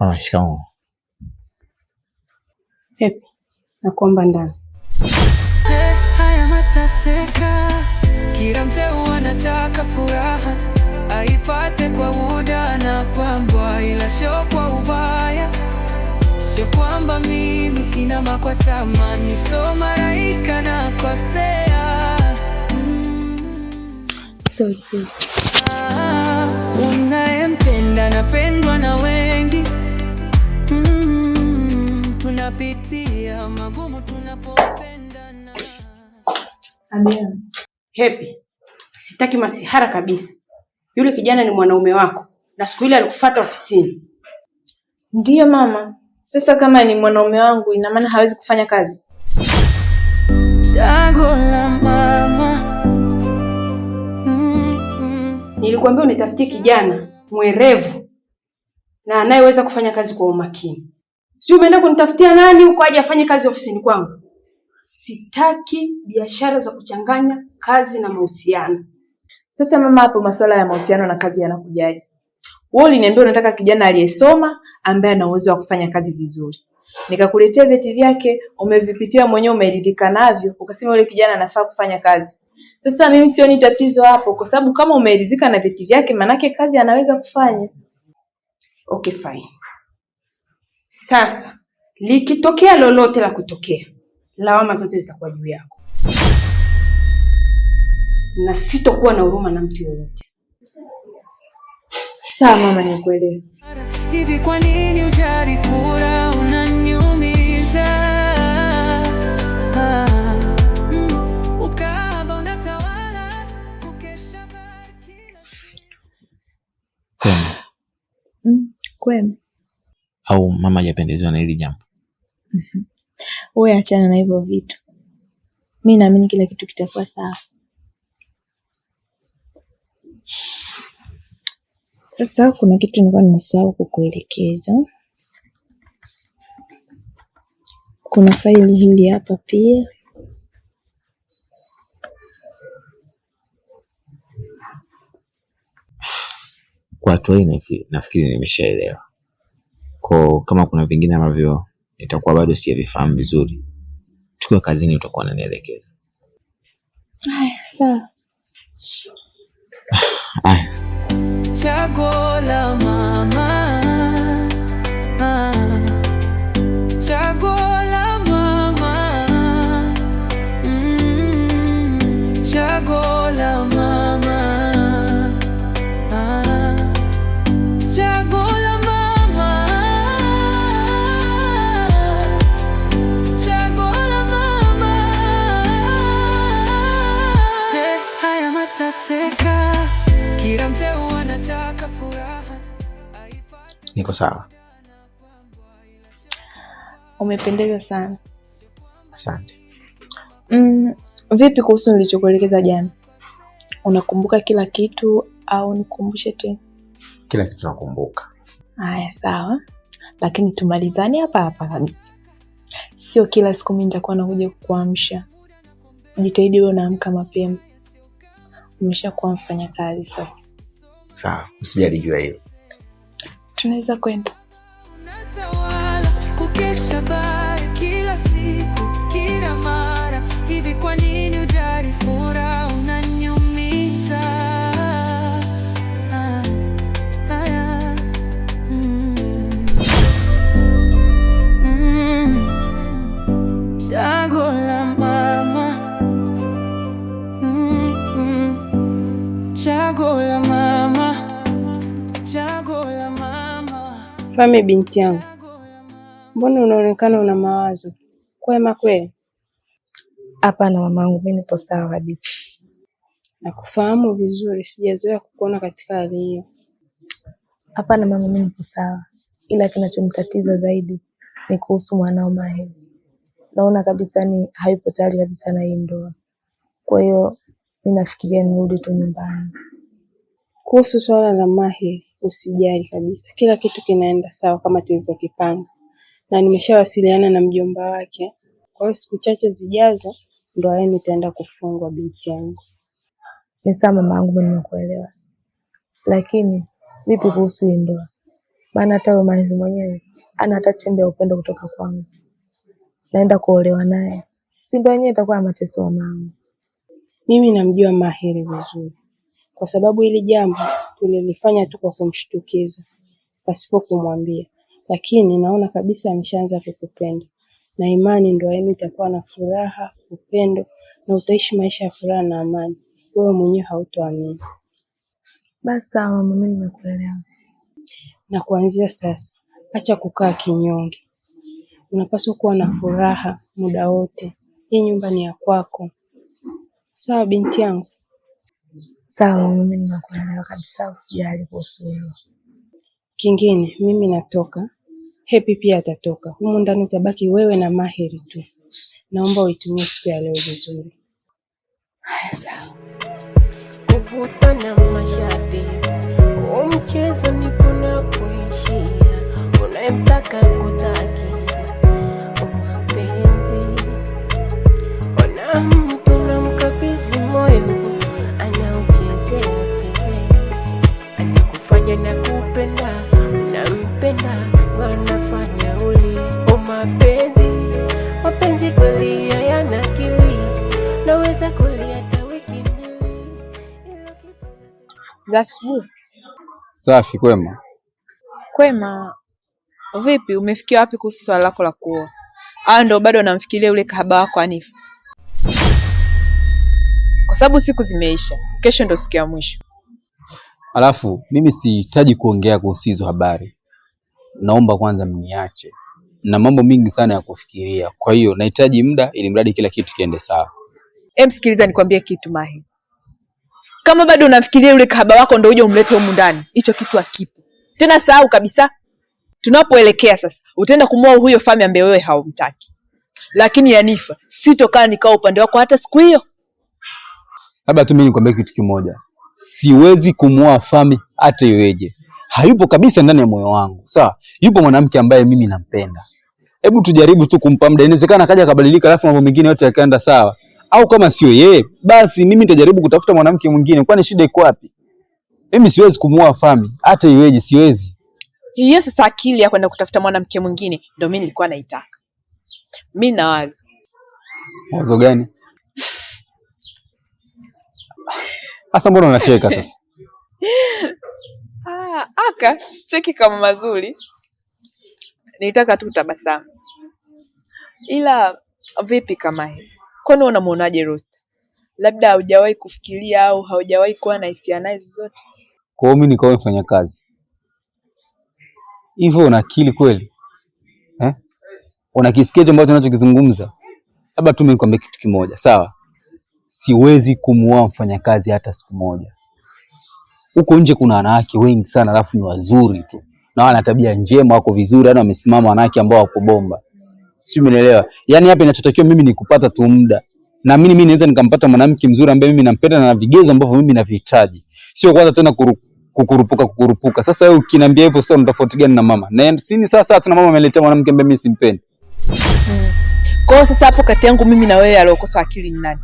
Ah, shikamoo. Hepi, nakuomba ndani. haya mataseka, kila mteu anataka furaha aipate kwa muda na pambwa, ila sio kwa ubaya. Sio kwamba mimi sina makosa, mimi so maraika na kosea. Mm. Sorry. Ah, ah unayempenda napenda tunapitia magumu tunapopendana. Happy. Sitaki masihara kabisa. Yule kijana ni mwanaume wako na siku ile alikufuata ofisini. Ndiyo mama. Sasa kama ni mwanaume wangu ina maana hawezi kufanya kazi. Chaguo la mama. Mm-hmm. Nilikwambia unitafutie kijana mwerevu na anayeweza kufanya kazi kwa umakini. Sio umeenda kunitafutia nani huko aje afanye kazi ofisini kwangu. Sitaki biashara za kuchanganya kazi na mahusiano. Sasa mama, hapo masuala ya mahusiano na kazi yanakujaje? Wewe uliniambia unataka kijana aliyesoma ambaye ana uwezo wa kufanya kazi vizuri, nikakuletea vyeti vyake, umevipitia mwenyewe, umeridhika navyo, ukasema yule kijana anafaa kufanya kazi. Sasa mimi sioni tatizo hapo, kwa sababu kama umeridhika na vyeti vyake, manake kazi anaweza kufanya. Okay, fine. Sasa likitokea lolote la kutokea, lawama zote zitakuwa juu yako, na sitokuwa na huruma na mtu yoyote. Sawa mama, nikuelewa. Hivi kwa nini ujarifura unaniumiza? Ah, hmm. Hmm, kwema au mama hajapendezwa na hili jambo? Mm-hmm. Wewe achana na hivyo vitu, mi naamini kila kitu kitakuwa sawa. Sasa kuna kitu nilikuwa nimesahau kukuelekeza. Kuna faili hili hapa pia kwa hatua hii nafikiri nimeshaelewa. Kwa kama kuna vingine ambavyo nitakuwa bado sijavifahamu vizuri, tukiwa kazini utakuwa unanielekeza. Haya, sawa. Chaguo la mama. niko sawa. Umependeza sana, asante. Mm, vipi kuhusu nilichokuelekeza jana, unakumbuka kila kitu au nikumbushe tena? Kila kitu nakumbuka. Haya, sawa, lakini tumalizane hapa hapa kabisa. Sio kila siku mimi nitakuwa nakuja kukuamsha. Jitahidi wewe unaamka mapema, umeshakuwa mfanyakazi sasa. Sawa, usijali jua hiyo tunaweza kwenda kukesha bara kila siku kila mara hivi kwa nini? Mfalme binti yangu, mbona unaonekana una mawazo? Kwema kweli? Hapana mamangu, mimi nipo sawa kabisa. Nakufahamu vizuri, sijazoea kukuona katika hali hiyo. Hapana mama, mimi nipo sawa, ila kinachomtatiza zaidi ni kuhusu mwanao Maheri. Naona kabisa ni hayupo tayari kabisa na hii ndoa, kwa hiyo ninafikiria nirudi tu nyumbani. Kuhusu swala la mahe usijali kabisa, kila kitu kinaenda sawa kama tulivyokipanga, na nimeshawasiliana na mjomba wake. Kwa hiyo siku chache zijazo ndoa yenu itaenda kufungwa, binti yangu. Ni sawa mama yangu, nimekuelewa, lakini vipi kuhusu hii ndoa? Maana hata wewe mimi mwenyewe ana hata chembe ya upendo kutoka kwangu, naenda kuolewa naye, si ndoa yenyewe itakuwa ya mateso. Wa mama, mimi namjua Mahiri vizuri, kwa sababu hili jambo tulilifanya tu kwa kumshtukiza pasipo kumwambia, lakini naona kabisa ameshaanza kukupenda na imani ndoa yenu itakuwa na furaha, upendo na utaishi maisha ya furaha na amani. Wewe mwenyewe hautoamini. Basi sawa mimi nimekuelewa. Na kuanzia sasa, acha kukaa kinyonge. Unapaswa kuwa na furaha muda wote. Hii nyumba ni ya kwako, sawa binti yangu? Sawa, mimi ninakuelewa kabisa, usijali kuhusu hilo. Kingine mimi natoka, Hepi pia atatoka. Humu ndani utabaki wewe na Maheri tu. Naomba uitumie siku ya leo vizuri. Haya, sawa. Kuvuta na mashati mchezo nipo na kuishia, unayemtaka za asubuhi. Safi. Kwema. Kwema. Vipi, umefikia wapi kuhusu swala lako la kuoa, au ndo bado namfikiria ule kahaba wako Anif, Kwa sababu siku zimeisha, kesho ndo siku ya mwisho. Alafu mimi sihitaji kuongea kuhusu hizo habari, naomba kwanza mniache na mambo mingi sana ya kufikiria. Kwa hiyo nahitaji muda, ili mradi kila kitu kiende sawa. Emsikiliza nikwambie kitu Mahi, kama bado unafikiria yule kahaba wako ndio uje umlete humu ndani, hicho kitu hakipo tena. Sahau kabisa tunapoelekea sasa. Utaenda kumwoa huyo fami ambaye wewe haumtaki, lakini Yanifa, sitokaa nikaa upande wako hata siku hiyo. Labda tu mimi nikwambie kitu kimoja, siwezi kumua fami hata iweje. Hayupo kabisa ndani ya moyo wangu, sawa? Yupo mwanamke ambaye mimi nampenda. Hebu tujaribu tu kumpa muda, inawezekana akaja akabadilika, alafu mambo mengine yote yakaenda sawa au kama sio yeye, basi mimi nitajaribu kutafuta mwanamke mwingine. Kwani shida iko wapi? Mimi siwezi kumuoa Fami hata iweje, siwezi. Hiyo sasa akili ya kwenda kutafuta mwanamke mwingine ndio mimi nilikuwa naitaka. Mimi na wazo. Wazo gani? hasa mbona unacheka sasa? Ah, aka cheki kama mazuri. Nitaka tu tabasamu. Ila vipi kama hii? Kwani unamuonaje Rosta? Labda haujawahi kufikiria au haujawahi kuwa na hisia naye zozote? Kwa hiyo mimi nikawa mfanyakazi hivyo? Una akili kweli eh? Unakisikia hicho ambacho tunachokizungumza? Labda tu mimi nikwambie kitu kimoja, sawa? Siwezi kumuoa mfanyakazi hata siku moja. Huko nje kuna wanawake wengi sana, alafu ni wazuri tu na wana tabia njema, wako vizuri, yaani wamesimama, wanawake ambao wako bomba sio, umeelewa? Yani hapa inachotakiwa mimi ni kupata tu muda, na mimi mimi naweza nikampata mwanamke mzuri ambaye mimi nampenda na vigezo ambavyo mimi navihitaji, sio kwanza tena kuru, kukurupuka kukurupuka. Sasa wewe ukiniambia hivyo, sasa unatofauti gani na mama? Na sini sasa tuna mama ameletea mwanamke ambaye mimi simpendi. Hmm. Kwa sasa hapo kati yangu mimi na wewe aliyokosa akili ni nani?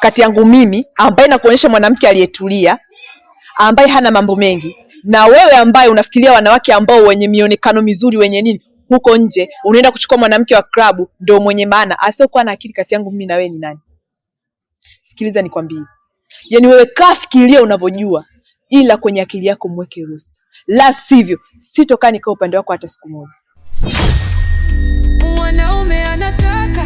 Kati yangu mimi ambaye nakuonyesha mwanamke aliyetulia ambaye hana mambo mengi na wewe ambaye unafikiria wanawake ambao wenye mionekano mizuri wenye nini huko nje unaenda kuchukua mwanamke wa klabu ndio mwenye maana, asiokuwa na akili kati yangu mimi na wewe ni nani? Sikiliza nikwambie, yaani wewe kaa fikiria unavyojua, ila kwenye akili yako mweke Rusta, la sivyo sitokaa nikaa upande wako hata siku moja. Mwanaume anataka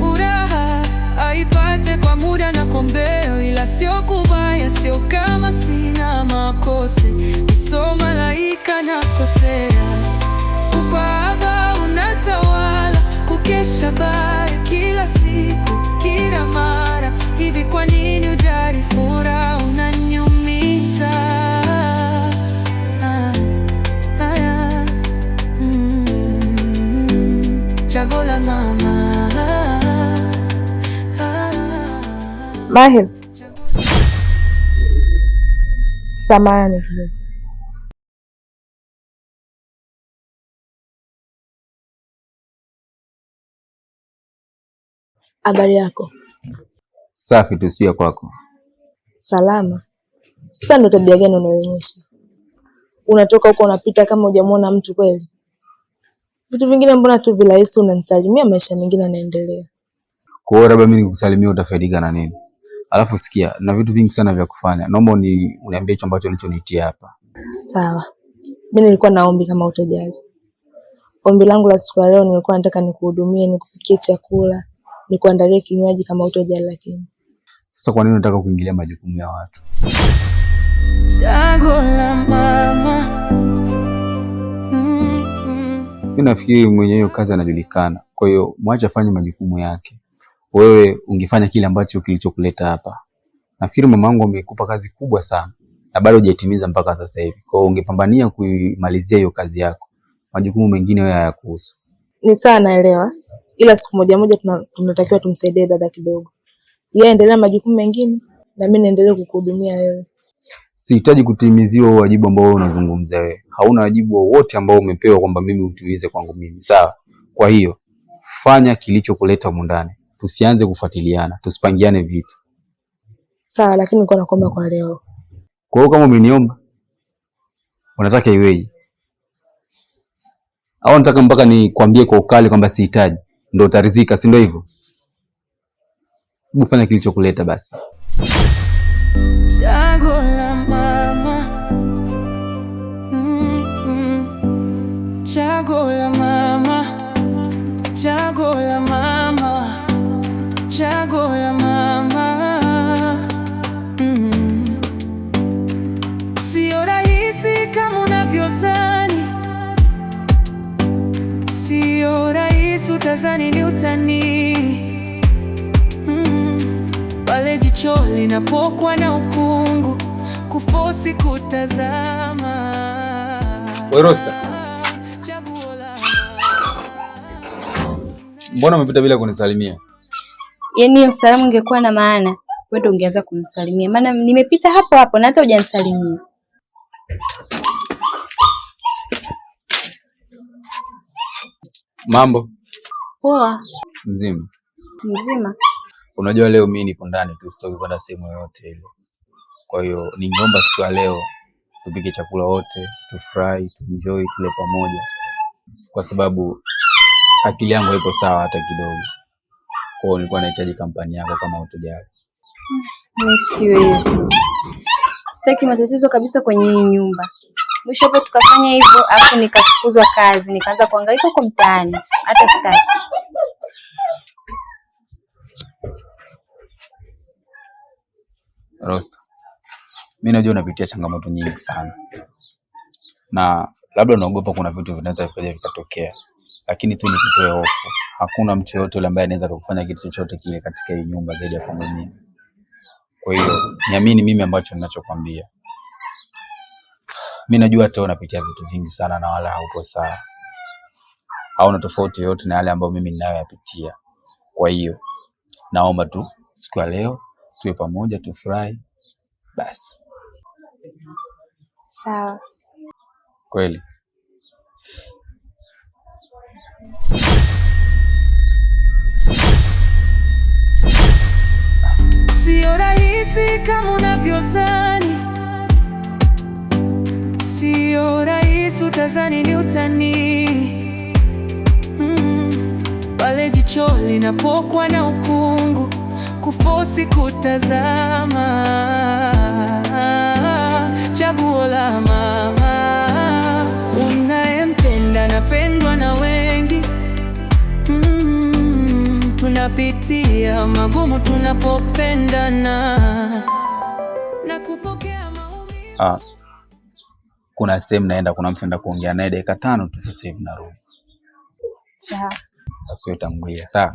furaha aipate kwa muda na kombeo, ila sio kubaya, sio kama sina makose, Baba unatawala, kukesha bara kila siku, kila mara. Hivi kwa nini ah, ah, ah, mm, la mama ah, ah. Habari yako? Safi tu, sio kwako. Salama. Sasa ndo tabia gani unaonyesha? Unatoka huko unapita kama hujamwona mtu kweli? Vitu vingine mbona tu virahisi, unanisalimia, maisha mengine yanaendelea. Kwa hiyo labda mimi nikusalimia, utafaidika na nini? Alafu sikia, na vitu vingi sana vya kufanya, naomba uniambie hicho ambacho ulichonitia hapa. Sawa, mimi nilikuwa na ombi, kama utojali. Ombi langu la siku ya leo, nilikuwa nataka nikuhudumie, nikupikie chakula, ni kuandalia kinywaji kama utojala kimu. Sasa kwa nini unataka kuingilia majukumu ya watu? Jango la mama. Mm Mimi nafikiri mwenye hiyo kazi anajulikana, kwa hiyo mwache afanye majukumu yake. Wewe ungefanya kile ambacho kilichokuleta hapa. Nafikiri mamangu amekupa kazi kubwa sana na bado hujaitimiza mpaka sasa hivi, kwa hiyo ungepambania kuimalizia hiyo kazi yako. Majukumu mengine wewe hayakuhusu. Ni sawa, naelewa ila siku moja moja tunatakiwa tumsaidie dada kidogo, yeye aendelee majukumu mengine na mimi niendelee kukuhudumia wewe. Sihitaji kutimiziwa wajibu ambao wewe unazungumza wewe. Hauna wajibu wowote ambao umepewa kwamba mimi utimize kwangu mimi, sawa? Kwa hiyo fanya kilichokuleta humu ndani, tusianze kufuatiliana, tusipangiane vitu sawa. Lakini nilikuwa nakuomba kwa leo. Kwa hiyo kama umeniomba, unataka iweje? Au nataka mpaka nikwambie kwa ukali kwamba sihitaji? ndo utarizika, si ndio hivyo? Hebu fanya kilichokuleta basi. ninapokuwa na ukungu kufosi kutazama Rosta. Mbona umepita bila kunisalimia? Yaani hiyo salamu ingekuwa na maana, wewe ndio ungeanza kumsalimia, maana nimepita hapo hapo na hata hujanisalimia. Mambo poa? Mzima mzima. Unajua leo mimi nipo ndani tu, sitoki kwenda sehemu yoyote ile. Kwa hiyo ningeomba siku ya leo tupike chakula wote, tufurahi, tuenjoy, tule pamoja, kwa sababu akili yangu haipo sawa hata kidogo. Kwa hiyo nilikuwa nahitaji kampani yako kama utojali. Mimi siwezi, sitaki matatizo kabisa kwenye hii nyumba. Mwisho hapo tukafanya hivyo, afu nikafukuzwa kazi, nikaanza kuhangaika huko mtaani, hata sitaki Rosta, mimi najua unapitia changamoto nyingi sana, na labda unaogopa kuna vitu vinaweza vikaja vikatokea, lakini tu nikutoe hofu, hakuna mtu yoyote yule ambaye anaweza kukufanya kitu chochote kile katika hii nyumba zaidi ya kwangu mimi. Kwa hiyo niamini mimi ambacho ninachokwambia. Mimi najua hata unapitia vitu vingi sana na wala hauko sawa, hauna tofauti yoyote na yale ambayo mimi ninayoyapitia. Kwa hiyo naomba tu siku ya leo tuwe pamoja, tufurahi basi. Sawa kweli. Sio rahisi kama unavyozani, sio rahisi, utazani ni utani mm-hmm. pale mm, jicho linapokwa na ukuu kufosi kutazama chaguo la mama unayempenda. Napendwa na wengi mm, tunapitia magumu tunapopendana na kupokea maumivu. Ah, kuna sehemu naenda, kuna mtu naenda kuongea naye dakika tano tu, sasa hivi narudi. Sawa. Asiwetangulia sawa.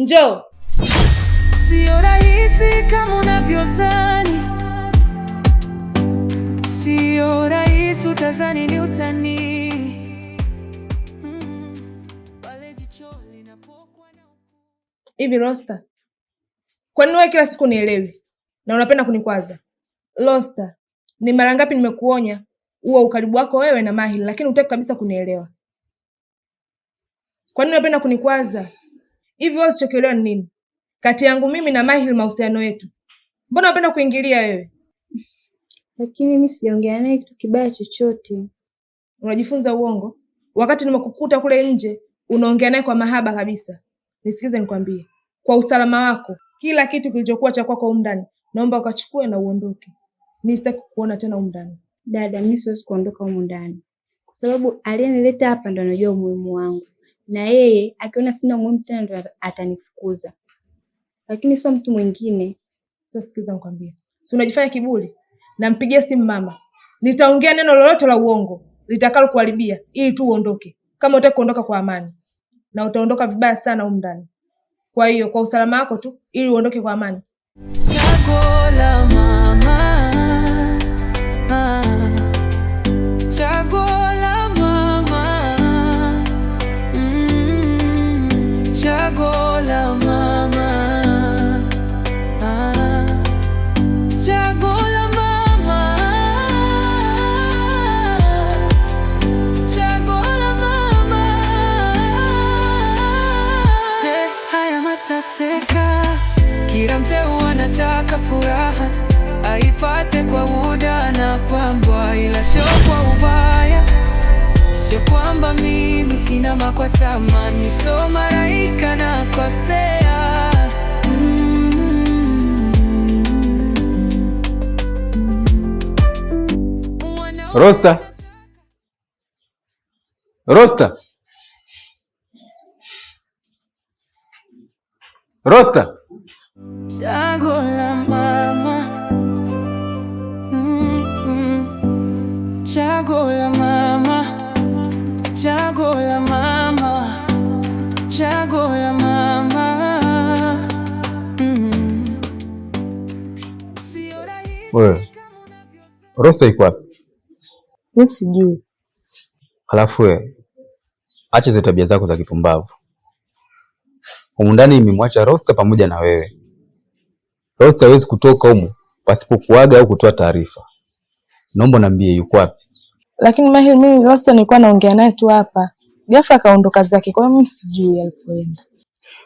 Njoo. Sio rahisi kama unavyozani, sio rahisi, utazani ni utani. Hmm. Hivi Rosta, kwa nini wewe kila siku nielewi na unapenda kunikwaza? Rosta, ni mara ngapi nimekuonya uwe ukaribu wako wewe na Mahili, lakini hutaki kabisa kunielewa. Kwa nini unapenda kunikwaza? Hivi wewe usichokelewa ni nini kati yangu mimi na Mahil mahusiano yetu? Mbona unapenda kuingilia wewe? Lakini mimi sijaongea naye kitu kibaya chochote. Unajifunza uongo wakati nimekukuta kule nje unaongea naye kwa mahaba kabisa. Nisikize nikwambie, kwa usalama wako, kila kitu kilichokuwa cha kwako humu ndani naomba ukachukue na uondoke. Mimi sitaki kukuona tena humu ndani. Dada, mimi siwezi kuondoka humu ndani kwa sababu aliyenileta hapa ndo anajua umuhimu wangu na yeye akiona sina umuhimu tena ndo atanifukuza, lakini sio mtu mwingine. Sasa sikiza nikwambie, si unajifanya kiburi. Nampigia simu mama, nitaongea neno lolote la uongo litakalo kuharibia ili tu uondoke, kama utaki kuondoka kwa amani, na utaondoka vibaya sana huko ndani. Kwa hiyo kwa usalama wako tu, ili uondoke kwa amani. Sako la mama nipate kwa muda na pambwa, ila sio kwa ubaya, sio kwamba mimi sina makosa, amani so maraika na kosea Rosta, Rosta, Rosta, mama. Wewe rosta iko wapi? Mimi sijui. Alafu wewe acha zile tabia zako za kipumbavu. Humu ndani imemwacha rosta pamoja na wewe. Rosta hawezi kutoka humu pasipokuaga au kutoa taarifa. Naomba niambie yuko wapi? Lakini Mahil, mimi Rosta nilikuwa naongea naye tu hapa, ghafla akaondoka zake. Kwa hiyo mimi sijui alipoenda.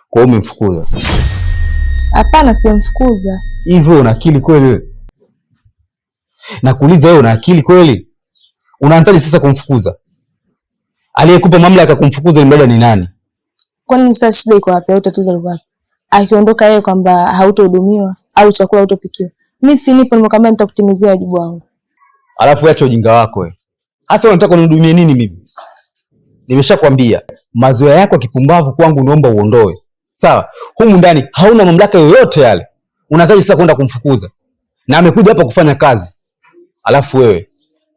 Kwa hiyo umemfukuza? Hapana, sijamfukuza. Hivyo una akili kweli wewe? na wewe una akili kweli? Unaanzaje sasa kumfukuza? Aliyekupa mamlaka kumfukuza ni mdada ni nani? Kwani sasa shida iko wapi au tatizo liko wapi? Akiondoka yeye kwamba hautohudumiwa au chakula hautopikiwa. Mimi si nipo nimekwambia nitakutimizia wajibu wangu. Alafu acha ujinga wako wewe. Hasa unataka unihudumie nini mimi? Nimeshakwambia mazoea yako kipumbavu kwangu naomba uondoe. Sawa? Humu ndani hauna mamlaka yoyote yale. Unazaji sasa kwenda kumfukuza? Na amekuja hapa kufanya kazi alafu wewe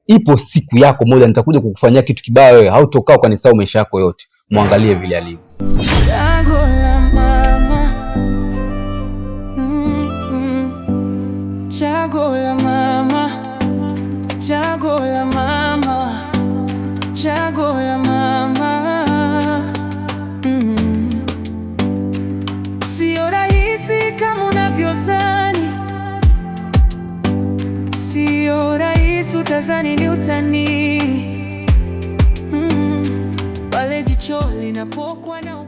ipo siku yako moja nitakuja kukufanyia kitu kibaya, wewe hautokaa ukanisahau maisha yako yote. Mwangalie vile alivyo. Ah. utazani ni utani hmm, pale jicho linapokuwa na